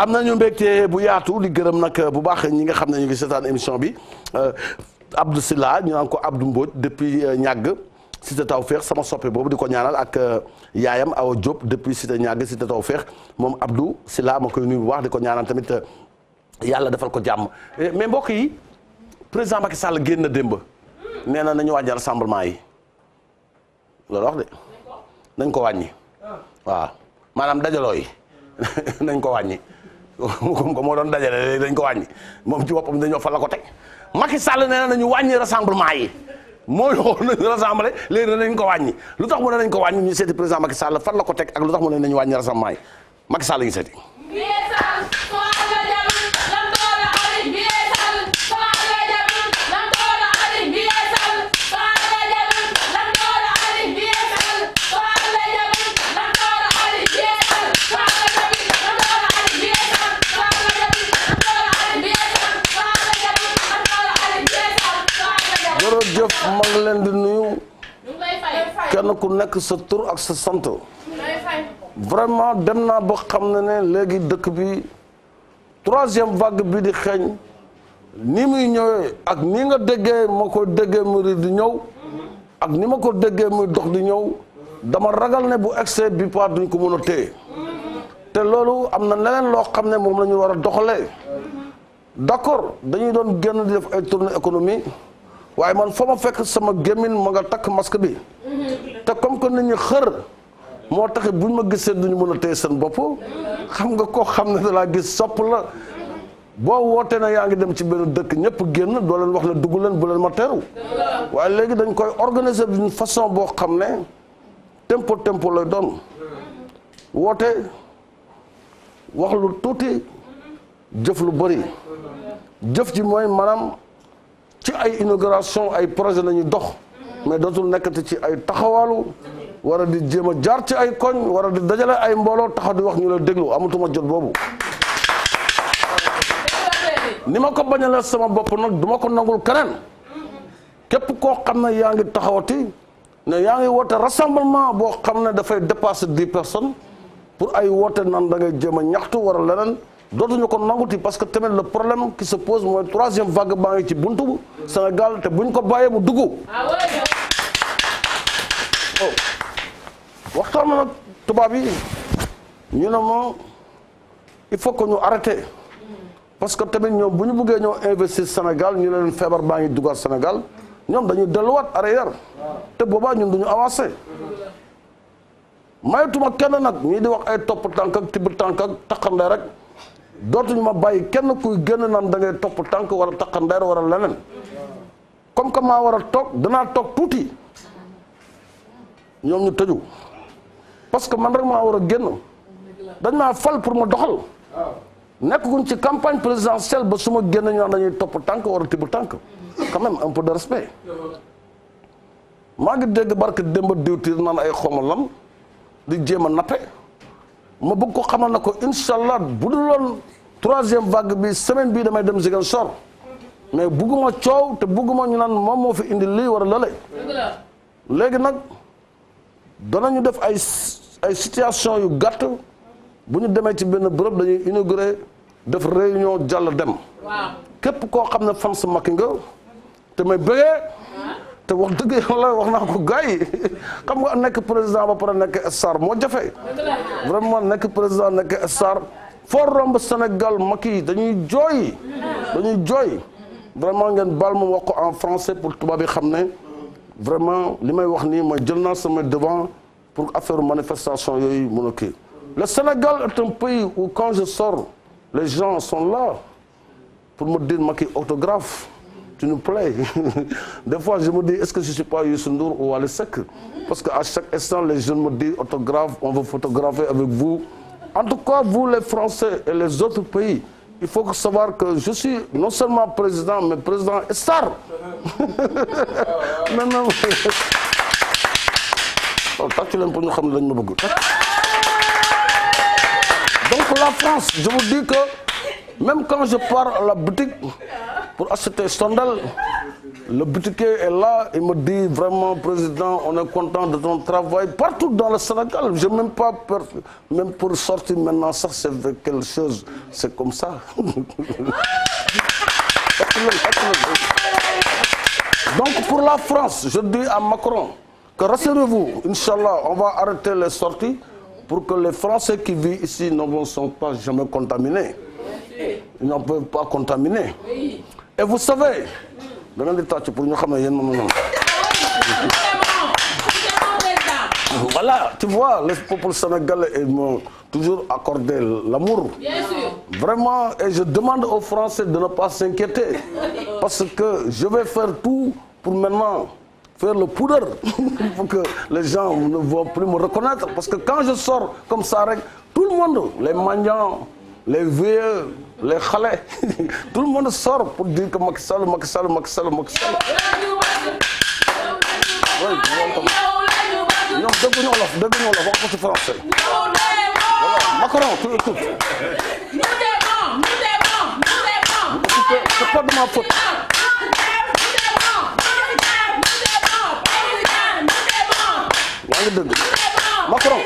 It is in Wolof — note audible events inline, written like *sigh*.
am na nañu mbégte bu yaatu li gërëm nag euh, bu baax ñi nga xam ne ñu ngi seetaan émission bi euh, Abdou Silla ñu naan ko Abdou Mbodj depuis ñàgg taw feex sama soppe boobu di ko ñaanal ak euh, yaayam Awa Diop depuis Cité ñàgg Cité feex moom Abdou Silla ma koy nuyu bu baax di ko ñaanal tamit yàlla defal ko jàmm eh, mais mbokk yi président Macky Sall génn démb nee na nañu wàññi rassemblement yi loolu de nañ ko wàññi ah. waaw maanaam dajaloo yi *laughs* nañ ko wàññi *laughs* comme que moo doon dajale léegi dañ ko wàññi moom ci boppam dañoo fa la ko teg Macky Sall nee nañu wàññi rassemblement yi moo yoxoon *laughs* nañu rassemblé léegi nañ ko wàññi lu tax mu ne nañ ko wàññi ñu seeti président Macky Sall fan la ko teg ak lu tax mu ne nañu wàññi rassemblement yi Macky Sall la ñu seeti kenn ku nekk sa tur ak sa sant vraiment dem naa ba xam ne ne léegi dëkk bi troisième vague bi di xeeñ ni muy ñëwee ak ni nga déggee ma ko déggee muy di ñëw ak ni ma ko déggee muy dox di ñëw dama ragal ne bu excès bi part duñ ko mën a téye te loolu am na leneen loo xam ne moom la ñu war a doxalee d'accord dañuy doon génn di def ay tourne économie waaye man foo ma fekk sama gémmin ma nga takk masque bi te comme que nañu xër moo tax buñ ma gisee ñu mën a téye seen bopp xam nga koo xam ne laa gis sopp la boo wootee na yaa ngi dem ci benn dëkk ñëpp génn doo leen wax ne dugg leen bu leen ma teeru waaye léegi dañ koy organiser d'une façon boo xam ne tempo tempo lay doon woote wax lu tuuti jëf lu bari jëf ji mooy maanaam ci ay inauguration ay projet la ñuy dox mais dootul nekkati ci ay taxawalu wara a di jéem a jaar ci ay koñ war a di dajale ay mbooloo taxaw di wax ñu la déglu amatuma jot boobu ni ma ko bañalee sama bopp nag du ma ko nangul keneen képp koo xam ne yaa ngi taxawati ne yaa ngi woote rassemblement boo xam ne dafay dépasser dix personnes pour ay woote nan da ngay jéem a ñaxtu war a leneen dootuñu ko nanguti parce que tamit le problème qui se pose mooy troisième vague baa ngi ci buntu Sénégal te buñ ko bàyyee Oh. waxtaan na nag tubaab yi ñu ne ma il faut que ñu arrêté parce que tamit ñoom bu ñu buggee ñoo investir Sénégal ñu ne leen feebar baa ngi dugal Sénégal ñoom dañuy delluwaat arrière te boobaa ñun duñu avancé maytuma kenn nag ñii di wax ay topp tànk ak tibb tànk ak taqandeer rek dootuñu ma bàyyi kenn kuy génn naan da ngay topp tànk wala taqandeer wara leneen comme que maa war a toog danaa toog tuuti ñoom ñu tëju parce que man rek maa war a génn dañ maa fal pour ma doxal gun ci campagne présidentielle ba suma ma génn ñu naan dañuy topp tànk war a tibb tànk quand même un peu de respect maa ngi dégg barke démb diwtiir naan ay xoma lam di jéem a nappe ma bëgg ko xamal na ko incha allah bu troisième vague bi semaine bii damay dem Ziguinchor mais bugguma coow te bugguma ñu naan moom moo fi indi lii war a lale léegi nag dana ñu def ay ay situation yu gàtt bu ñu demee ci benn bërëb dañuy inauguré def réunion jàll dem. képp koo xam ne fan sa makki nga te may bëggee. Ah. te wax dëgg yàlla wax na ko gars yi xam nga nekk président ba pare nekk star moo jafe. vraiment nekk président nekk sar foo romb Sénégal makki yi dañuy jooy. Ah. dañuy jooy. vraiment ngeen bal ma wax en français pour tubaab yi xam ne. vraiment li may wax nii ma jël naa sama devant pour affaire manifestation yooyu mun kii le Sénégal est un pays où quand je sors les gens sont là pour me dire Macky autographe tu nous plais *laughs* des fois je me dis est-ce que je suis pas Youssou Ndour ou Wally Seck parce que à chaque instant les jeunes me disent autographe on veut photographier avec vous en tout cas vous les Français et les autres pays il faut savoir que je suis non seulement président, mais président star. *laughs* non, non. Donc la France, je vous dis que même quand je pars à la boutique pour acheter sondel, Le boutiquier est là, il me dit vraiment, président, on est content de ton travail. Partout dans le Sénégal, je même pas peur, même pour sortir maintenant, ça c'est quelque chose, c'est comme ça. *laughs* Donc pour la France, je dis à Macron que rassurez-vous, Inch'Allah, on va arrêter les sorties pour que les Français qui vivent ici ne sont pas jamais contaminés. Ils n'en peuvent pas contaminer. Et vous savez, da ngeen di tàcc pour ñu xam ne yéen moom la voilà tu vois le peuple sénégalais m'ont toujours accordé l'amour vraiment et je demande aux Français de ne pas s'inquiéter parce que je vais faire tout pour maintenant faire le poudre *laughs* pour que les gens ne vont plus me reconnaître parce que quand je sors comme ça rek tout le monde les mendiants les vieux les xale *laughs* tout le monde sort pour dire que Macky Sall Macky Sall Macky Sall Macky Sall. oui ñoom dégguñu wolof dégguñu wolof wax ko ci français. voilà Macron tout tout. c'est pas de ma faute. yaa ngi dégg Macron.